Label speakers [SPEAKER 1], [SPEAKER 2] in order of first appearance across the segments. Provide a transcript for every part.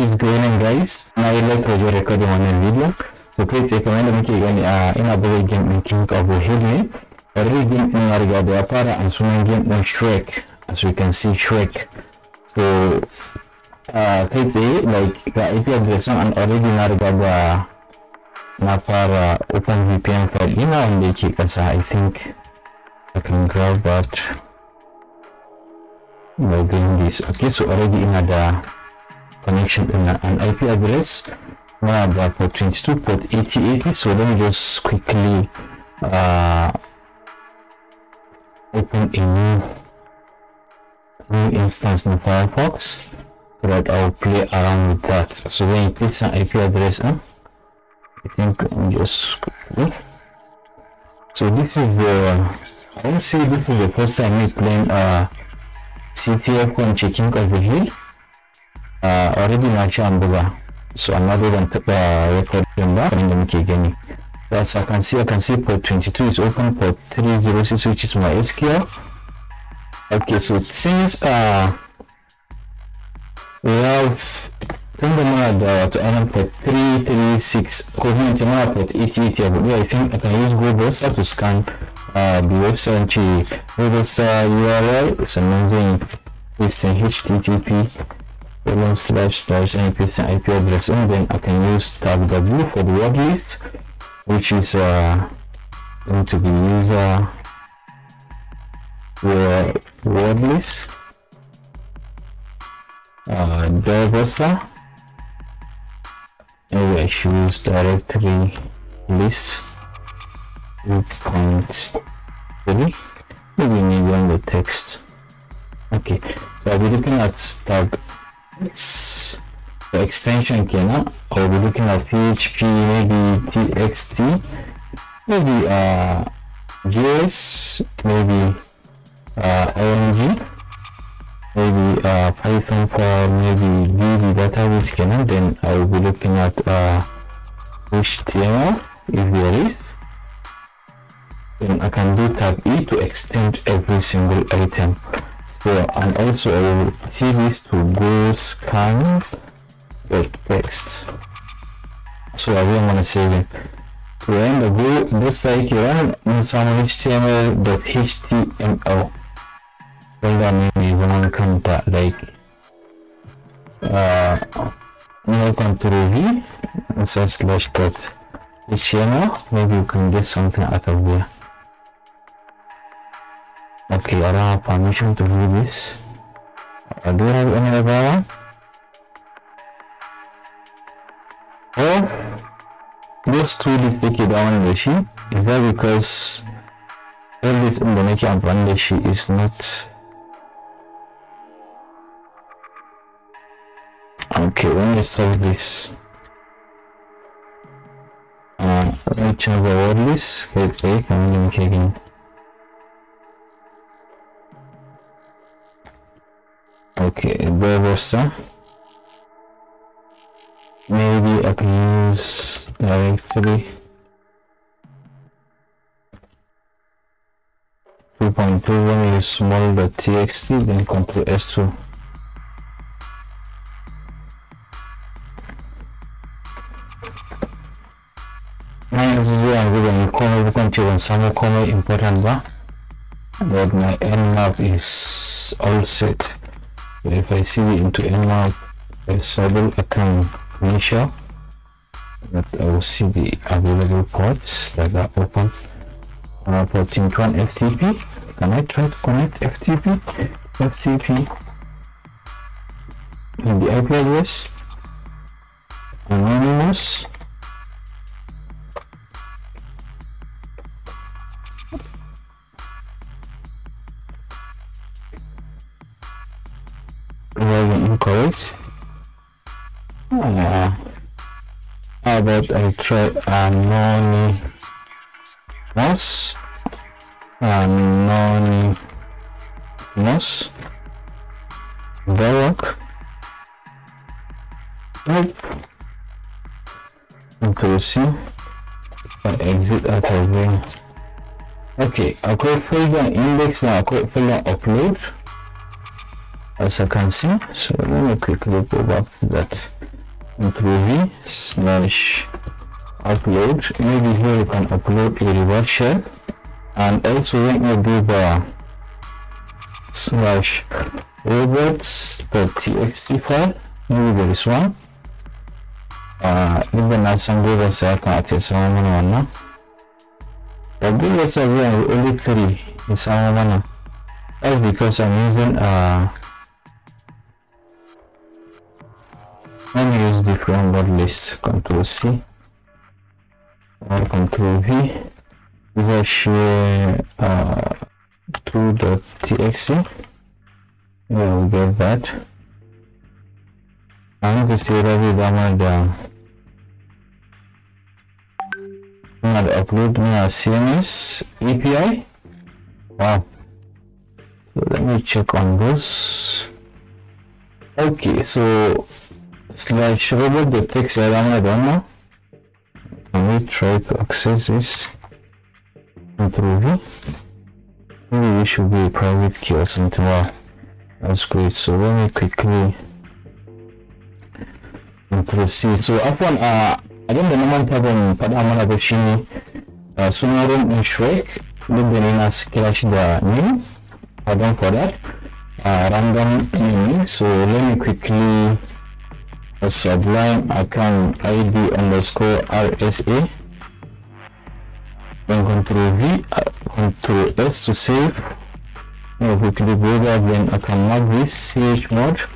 [SPEAKER 1] is going on guys now you like what you're recording on a video so take a comment make you uh in a boy game in king of the a every game in mario the apara and swimming game on shrek as we can see shrek so uh please eh, like if you have an original gada na para open vpn file ina wanda yake kasa uh, i think i can grab that by doing this okay so already in da connection in an IP address one at port 22 port 8080 so let me just quickly uh, open a new, new instance in Firefox so that I'll play around with that so then you takes an IP address huh? I think I'm just quickly. so this is the I would say this is the first time me playing uh, CTF and checking over here uh, already na ci so i'm not even record din ba kamar da muke gani that's I can see I can see port 22 is open port 306 which is my SQL okay so since uh we have tun da muna uh, to wato port 336 ko to my port 8080 i think i can use google star to scan uh, the website ce google star url It's amazing. It's in http colon slash slash npc ip address and then I can use tag w for the word list which is uh, going to be user word, list uh, diversity maybe I should directory list 2.3 maybe maybe on the text okay so I'll be looking at tag the extension cannot I'll be looking at PHP maybe TXT maybe uh JS maybe uh maybe uh Python for maybe DB database scanner then I will be looking at uh HTML if there is then I can do tab E to extend every single item for and also I will see this to go scan the text so I don't want to save it to run the go just like you run in some html.html folder name is one counter like uh no control v and so slash dot html maybe you can get something out of there Okay, I have permission to do this. Uh, do you have any other one? Oh, those two list take down the sheet. Is that because all this in the make amfani she is not okay when we solve this uh, let me change the word list okay it's very coming again Okay, where was that? Maybe I can use directory. 2.21 is smaller small.txt, then control S2. Minus 0 and 0 in comma, continue some comma important, but my end map is all set if I see into unlock a server account initial. that I will see the available ports that are open uh, port 1 FTP can I try to connect FTP FTP and the IP address anonymous right? Uh, how about I try Anoni Nos? Anoni Nos? The rock? Nope. Okay, see? I exit out of there. Okay, I'll click folder index and I'll click folder upload as I can see. So let me quickly go back to that Groovy slash upload. Maybe here you can upload a reward share, and also let me go back slash robots.txt file. Maybe there is one. Uh, even as some robots I can access one one now. The robots are only three in some manner. That's because I'm using uh and use the framework list Ctrl C or Ctrl V is a uh, two uh, txt. we will get that and i here is the and upload my CMS API wow so let me check on this okay so Slash robot detects a gamma gamma. Let me try to access this controller? Maybe this should be a private key or something. Wow, that's great. So let me quickly proceed. So afwan a abin da na manta ban faɗa mana ba shi ne sunan room Shrek duk da ne na kira shi name. Pardon for that. Uh, random name. So let me quickly sublime account id underscore rsa then control v uh, control s to save now can go back then i can mark this chmod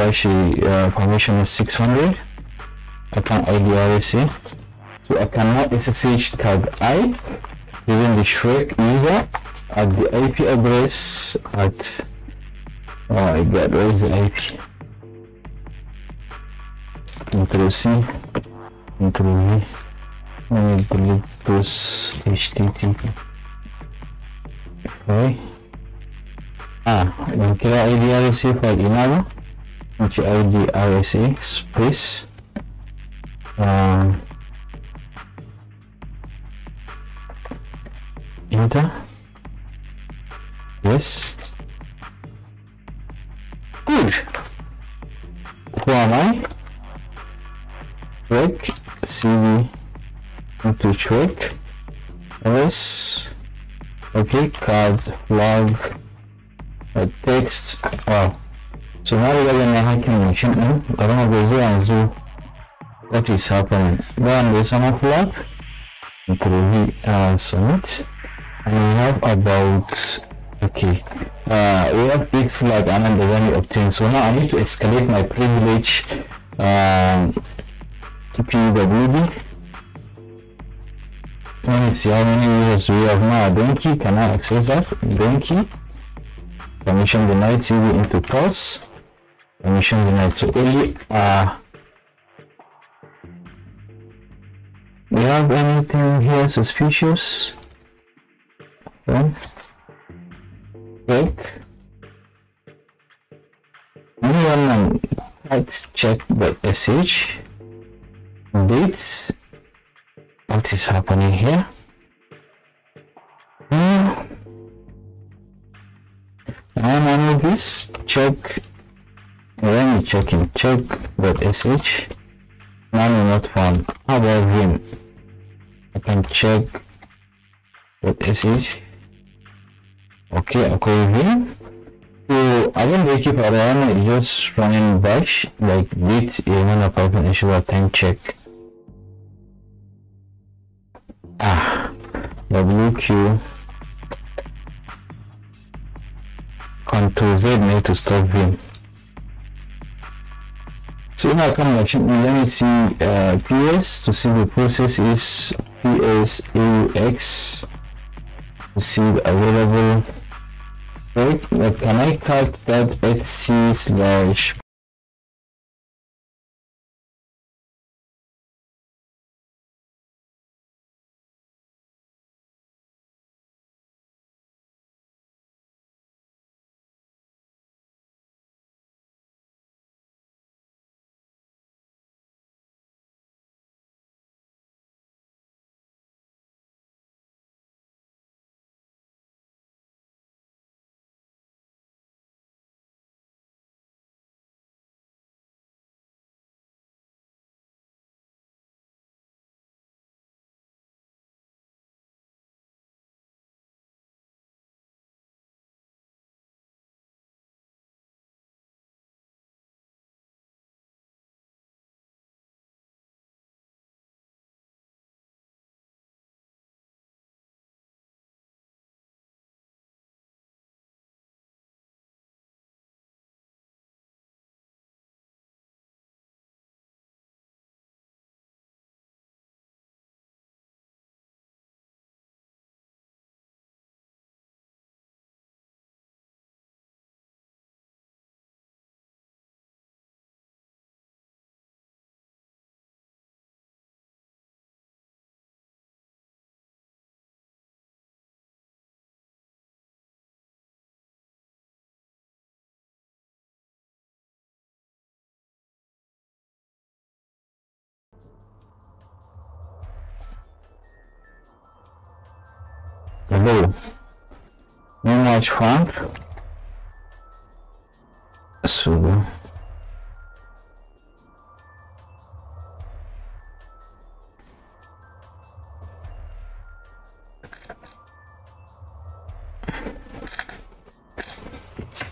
[SPEAKER 1] actually uh, permission is 600 i can id rsa so i cannot ssh tag i within the shrek user at the ip address at oh my god where is the ip Ctrl-C, Ctrl-V, trouxe este HTTP. Tipo. Okay. Ah, yung kira IDRSA file inaro, which IDRSA space, ah. enter, yes, good. Who am I? track, CV into track, s, okay, card, log, a uh, text, wow. Uh, so now we got an hacking machine, no? I don't know if there's do What is happening? Go on the sum of log, improve and submit. And we have about, okay, uh, we have it flag and then the value obtained. So now I need to escalate my privilege um, pwd and see how many users we have now donkey can i access that donkey permission denied cv into pulse permission denied so only uh we have anything here suspicious then break anyone type check the sh bits. What is happening here? Uh, I manual this check Let me check in check.sh manual not found. How about I can check it? Okay, okay vim. So I will make it around just running and bash like this even a Python issue I time check ah, WQ Ctrl Z ne to stop vim so I come machine let me see uh, PS to see the process is PSAUX to see the available Wait, can I cut that XC slash who? Meanwhile, Trump? So.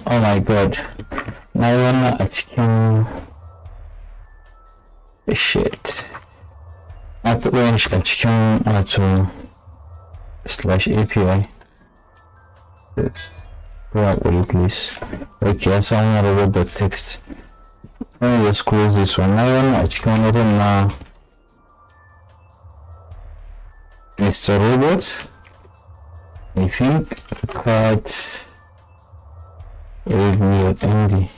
[SPEAKER 1] Oh my god. Now I'm not chicken. Shit. At the range, a chicken at all slash API. Yeah, way, please. Okay, I'm gonna read the text. Let me just close this one. I am not know, open now. Mr. Robot. I think quite it will be Andy.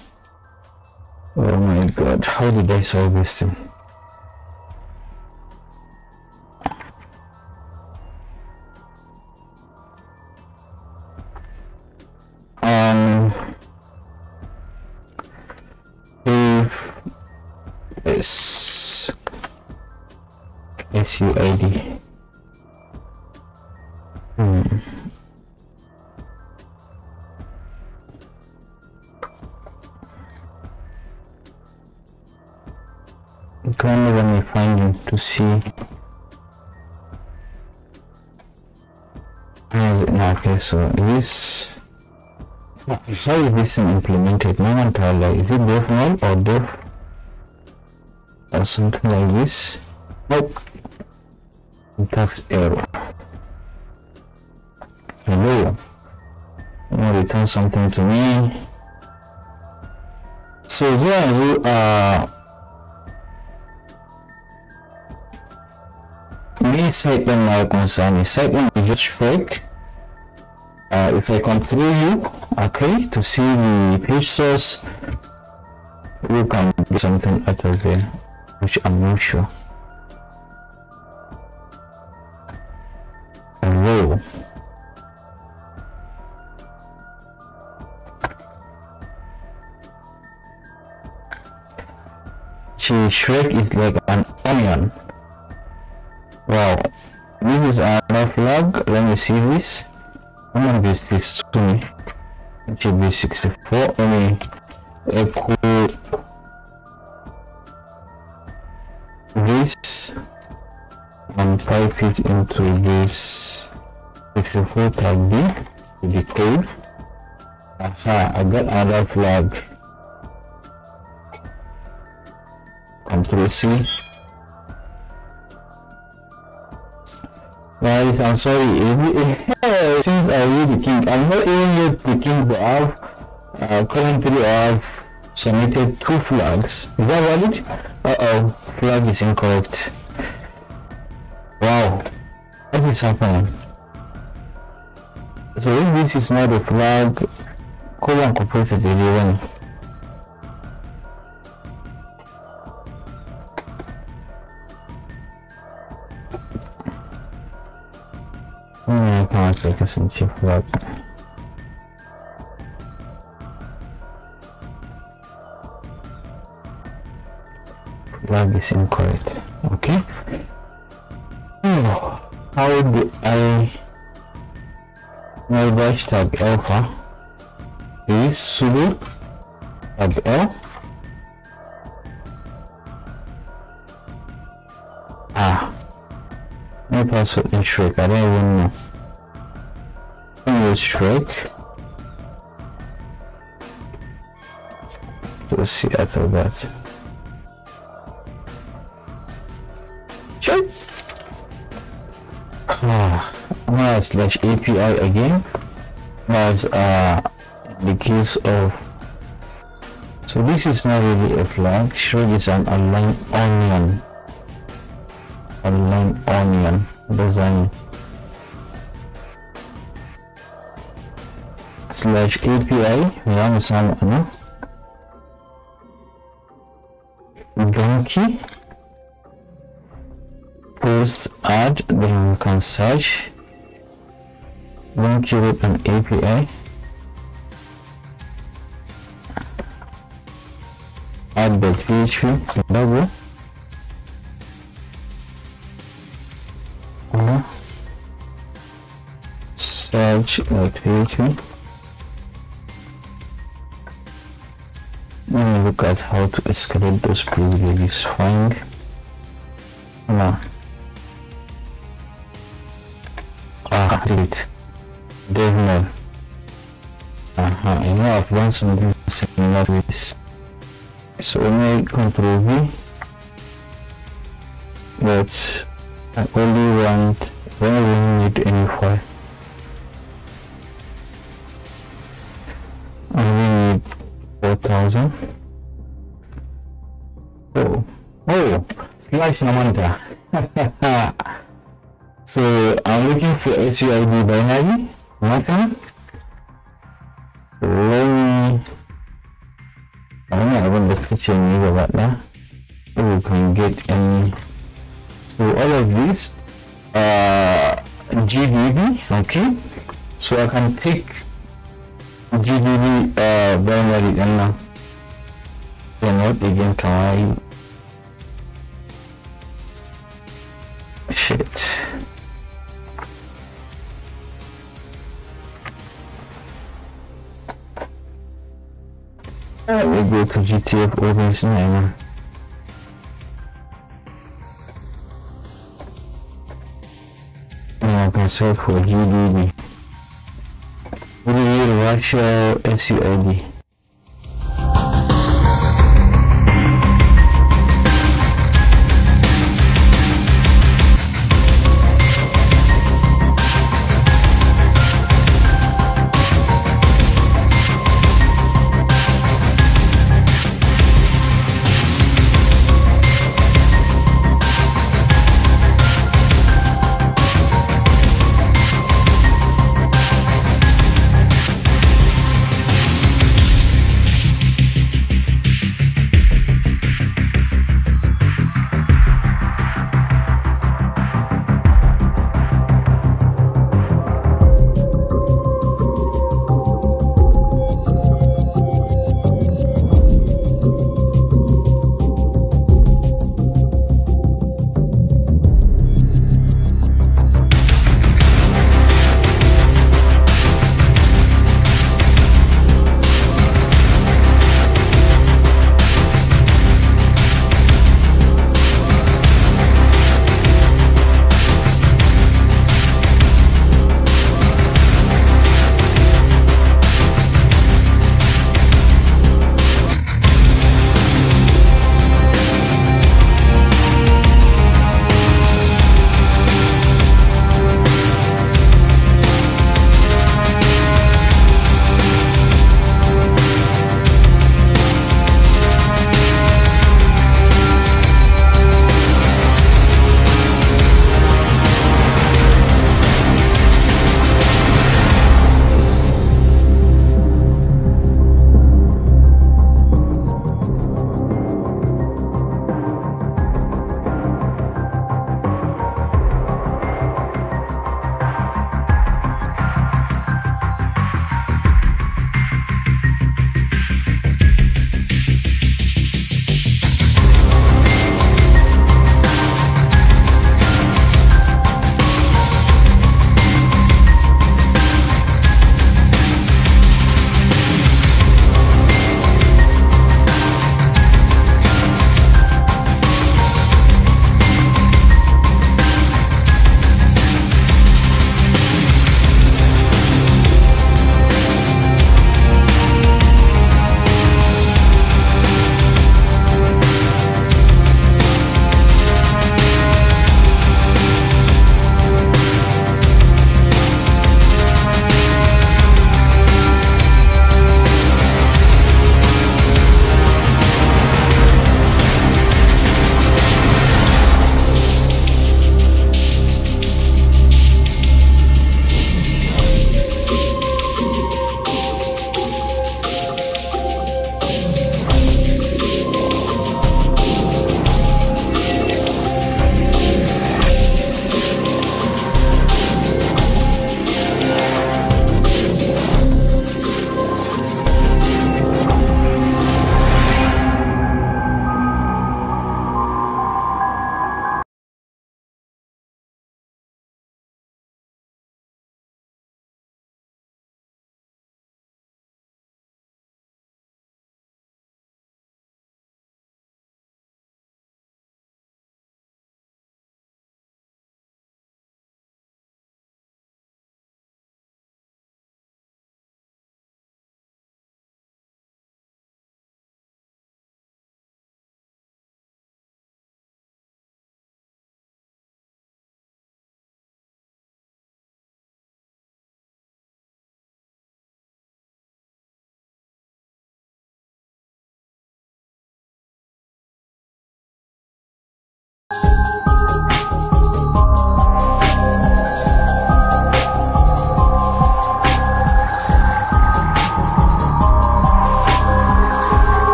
[SPEAKER 1] Oh my god, how did I solve this thing? How is this implemented? No one parallel. Is it both null or both or something like this? Nope. Syntax error. Hello. You return something to me. So here you are. Me segment my concern is segment is just fake. Uh, if I come through you, okay to see the page source you can do something out of there which i'm not sure row she shrek is like an onion wow this is another log let me see this i'm gonna get this to me GB64 I mean echo this and pipe it into this 64 tab B with the code. Aha, I got another flag. Control C. Guys, I'm sorry since I the king, I'm not even yet the king, but I've uh, currently I've submitted two flags. Is that valid? Uh oh, flag is incorrect. Wow, what is happening? So if this is not a flag, Colon completed the event. definitive that flag is incorrect okay oh, how do I my the hashtag alpha is sudo tab l ah my password is shrek I don't even know Shrek. Let's see, I thought that. Sure. Now slash API again. That's uh, the case of so this is not really a flag. Shrek is an online onion. Online onion design. slash API yang sama na donkey post add then you can search donkey with an API add the PHP double search.php Let me look at how to escalate those privileges. fine Come on. Ah, delete. Dev mode. Uh huh. You know, I've done some in my this. So when I control V, but I only want when I need any file. thousand. Oh, oh, slash Namanta. so I'm looking for SUID binary. Nothing. Let me. I don't know. I want the either right now. Oh, we can get any. So all of this, uh, GBB. Okay. So I can take GBB uh, binary and now remote begin time. Shit. i we go to GTF Organs Niner. And I can search for GDB. We need Russia SUID.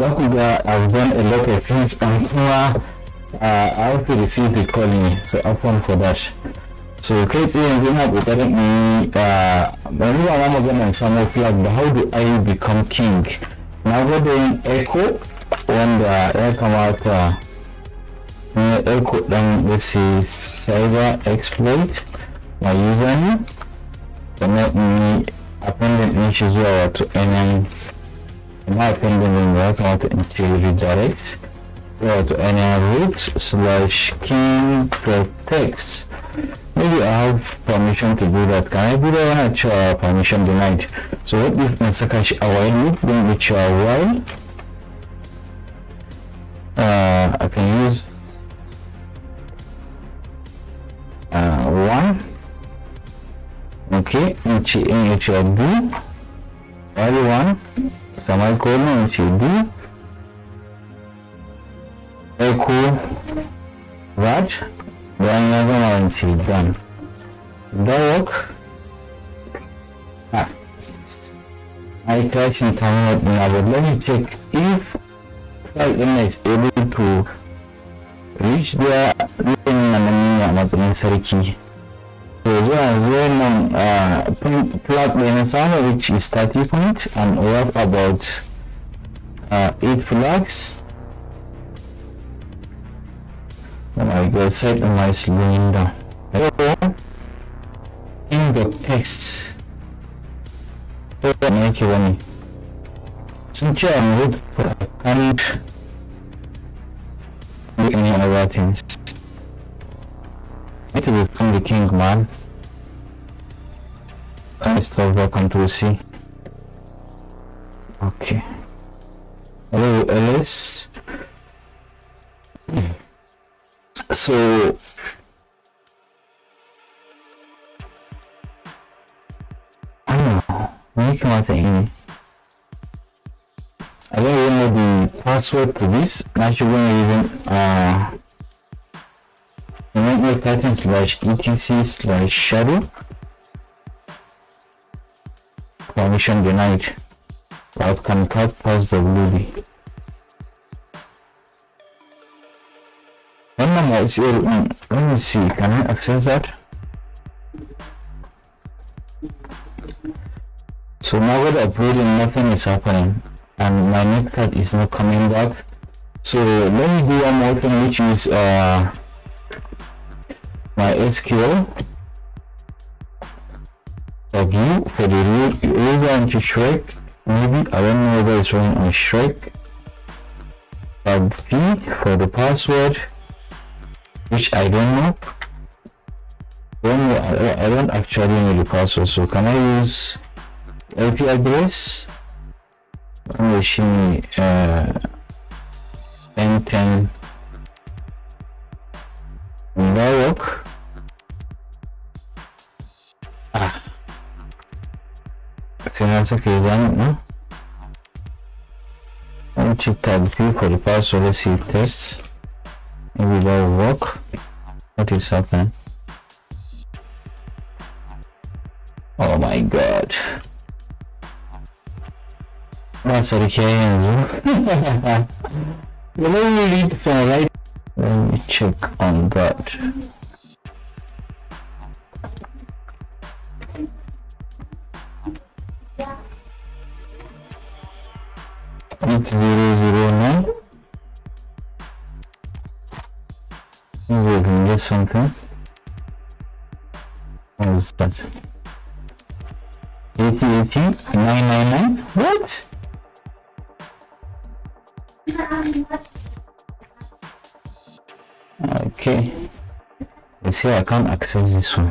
[SPEAKER 1] za ku ga I've um, done a lot of things and kuma uh, I have to receive the calling ne so afwan for that so kai tsaye yanzu ina kokarin in yi uh, bari ba ma maganar samun flag da how do I become king na gode yin echo wanda ya kamata na echo dan wasi cyber exploit my username sannan in yi appendant din shi zuwa wato nm In my opinion, we work out into redirects. Go to any routes slash king for text. Maybe I have permission to do that. Can I do that? I'm not sure permission denied. So what if in Sakash away loop when we try while uh, I can use uh, one okay which in which I do only one Samar Corno Chedi Echo Raj Dayanamadım şeyden Da yok Heh Arkadaşın tamamen alır Let me check if Falcon is able to Reach their Lütfen anlamını yapmadım Sarı ki in known uh, plot renaissance which is 30 points and worth about uh, 8 flags And I go set my cylinder in the text make one since I would can't do any other things it is the king man. I still welcome to Sea. Okay. Hello Alice. So I don't know. Make my thing. I don't even know the password to this. Actually, we're even uh network hyphen slash etc slash shadow permission denied I can cut past the WD one number is here let me see can I access that so now with uploading nothing is happening and my net card is not coming back so let me do one more thing which is uh MySQL W for the root user to Shrek. Maybe I don't know whether it's running on Shrek. Tab D for the password, which I don't know. I, don't actually know the password, so can I use IP address? I'm wishing uh, M10 Norwalk. Ah. Se me hace que van, ¿no? Un cittadino for the past of the sea test. Maybe they'll walk. What is happening? Oh my god. That's okay, Andrew. you know you read some right let me check on that. Eight zero zero nine. Maybe we can get something. What is that? Eighty eighty nine nine nine. What? okay you see I can't access this one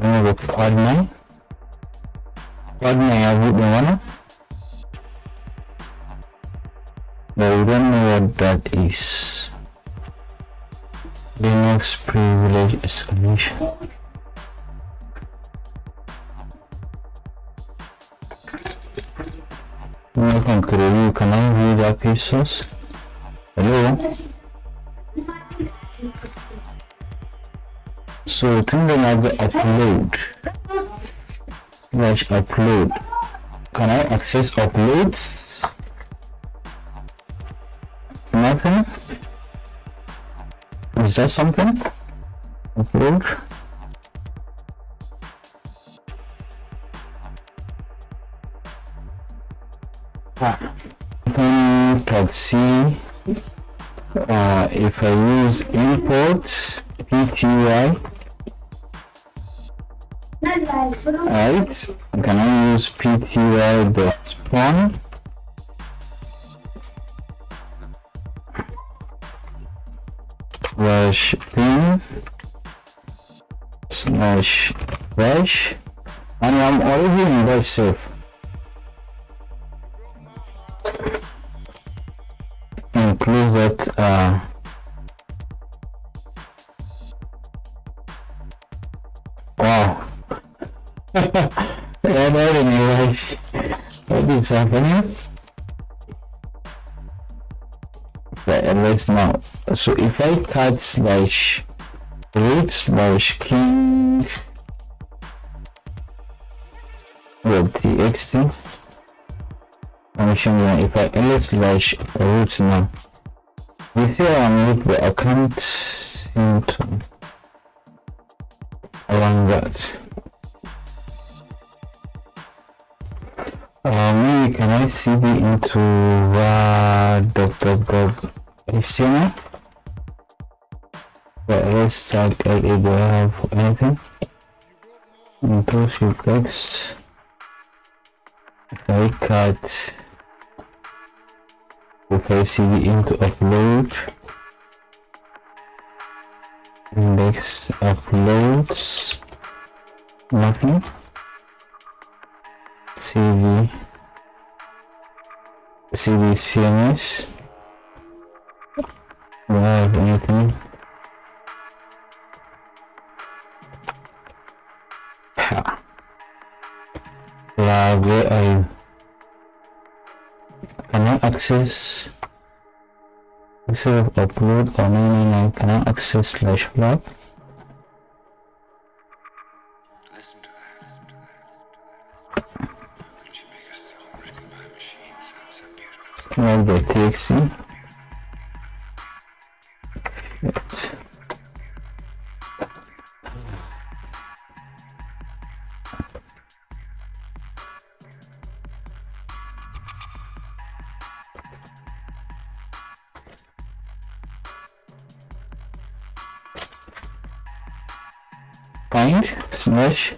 [SPEAKER 1] I'm gonna go to admin admin I would want one. but we don't know what that is Linux privilege escalation pieces. Hello. So click on the upload. Slash upload. Can I access uploads? Nothing. Is that something? Upload. if I use import pty, right, I can now use Spawn. slash pin slash bash and I'm already in bash safe yourself in But at least now. So if I cut slash root slash king with txt function now if I edit slash root now We see I'm the account symptom along that Uh, can I cd into uh, dot dot dot But let's check LA. Do I have anything? Intro text. If I cut, if I cd into upload, index uploads, nothing. CV, CV CMS. Do I have anything? Yeah. Log I cannot access instead of upload comment and I cannot access slash block. write find slash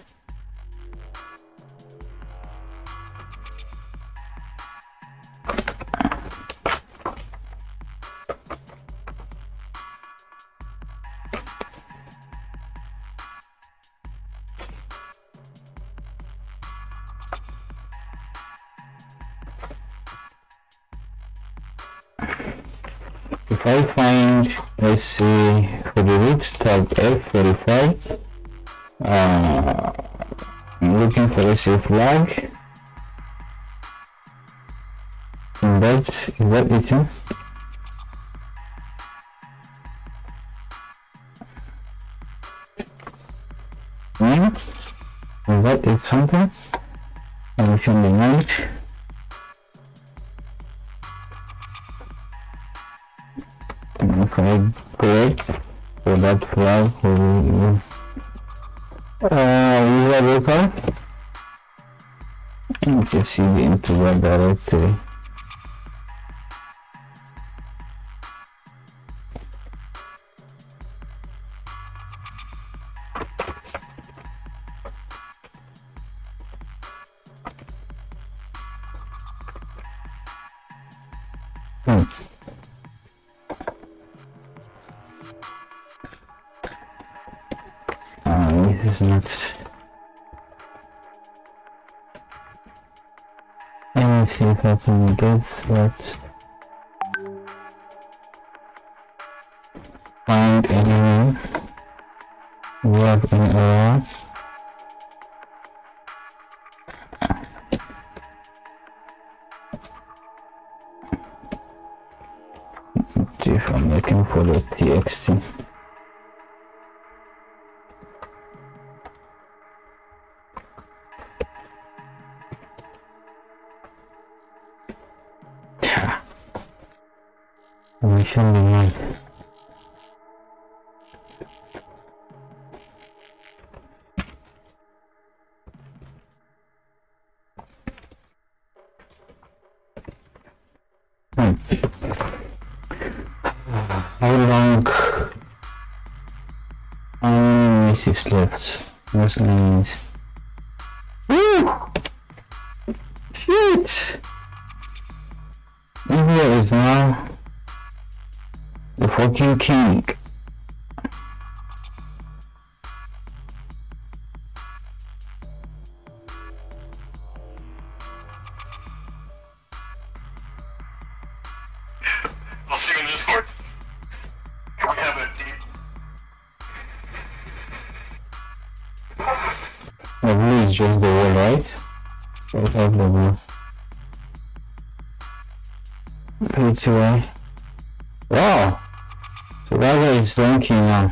[SPEAKER 1] let's see for the roots tab F45 uh, I'm looking for a safe flag and that's is it hmm? is it huh? something? I showing the night have um, have user record. You can see the integer directory. is next. Let me see if I can get that. Find anyone. Work in a If I'm looking for the TXT. sending in. how long? How many is left? What's enemies? Shit! Here is now the fucking king. I'll see you in Discord. we have a The blue is just the wall, right? Without the blue. It's slinking now.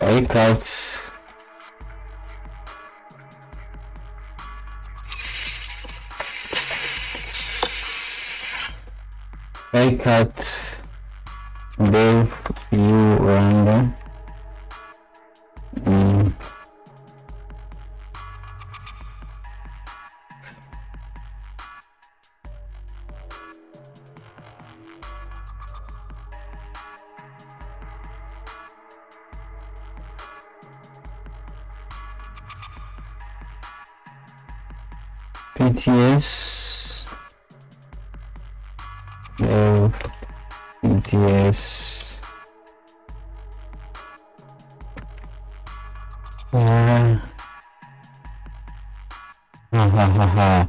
[SPEAKER 1] Hey guys. Hey ETS. No. ETS. Uh, ha ha ha ha.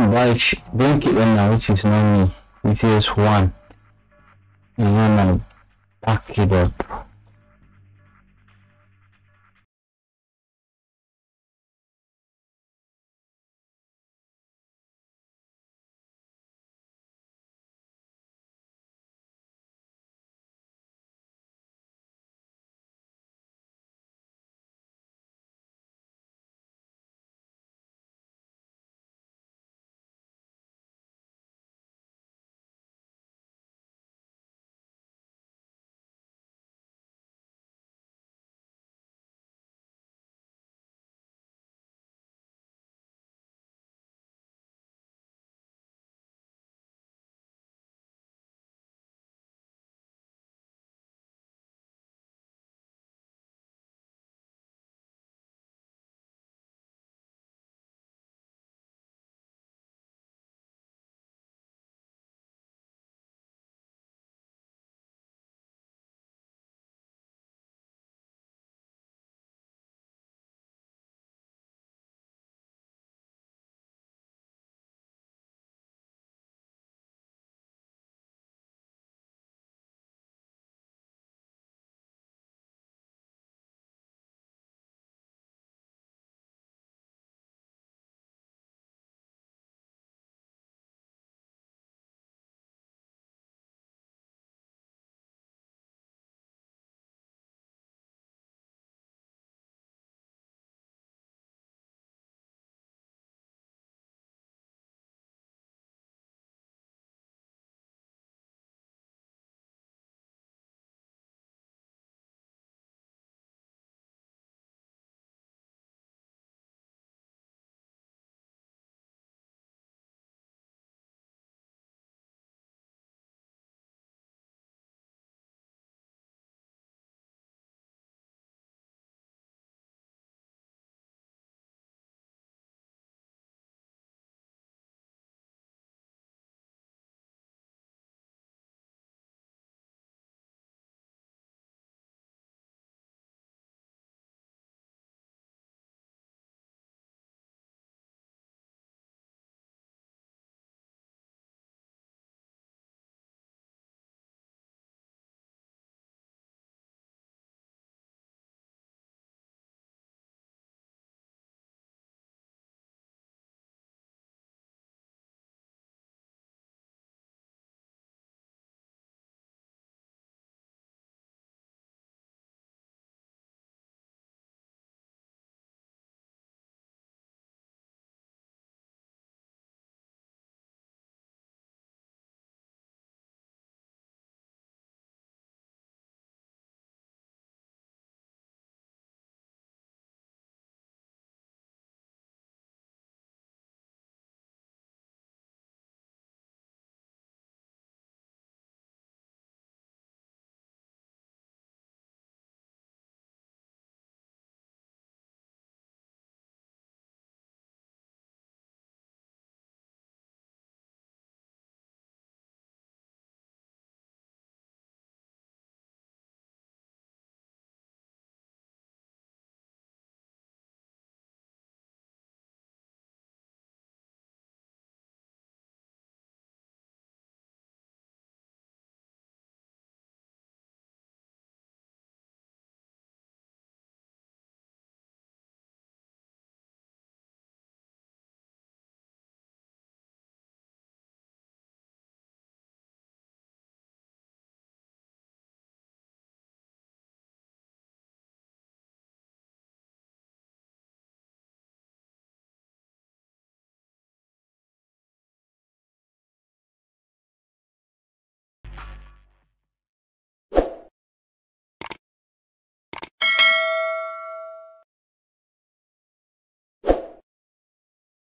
[SPEAKER 1] Watch blanket right now, which is not me. BTS 1. And then I back it up.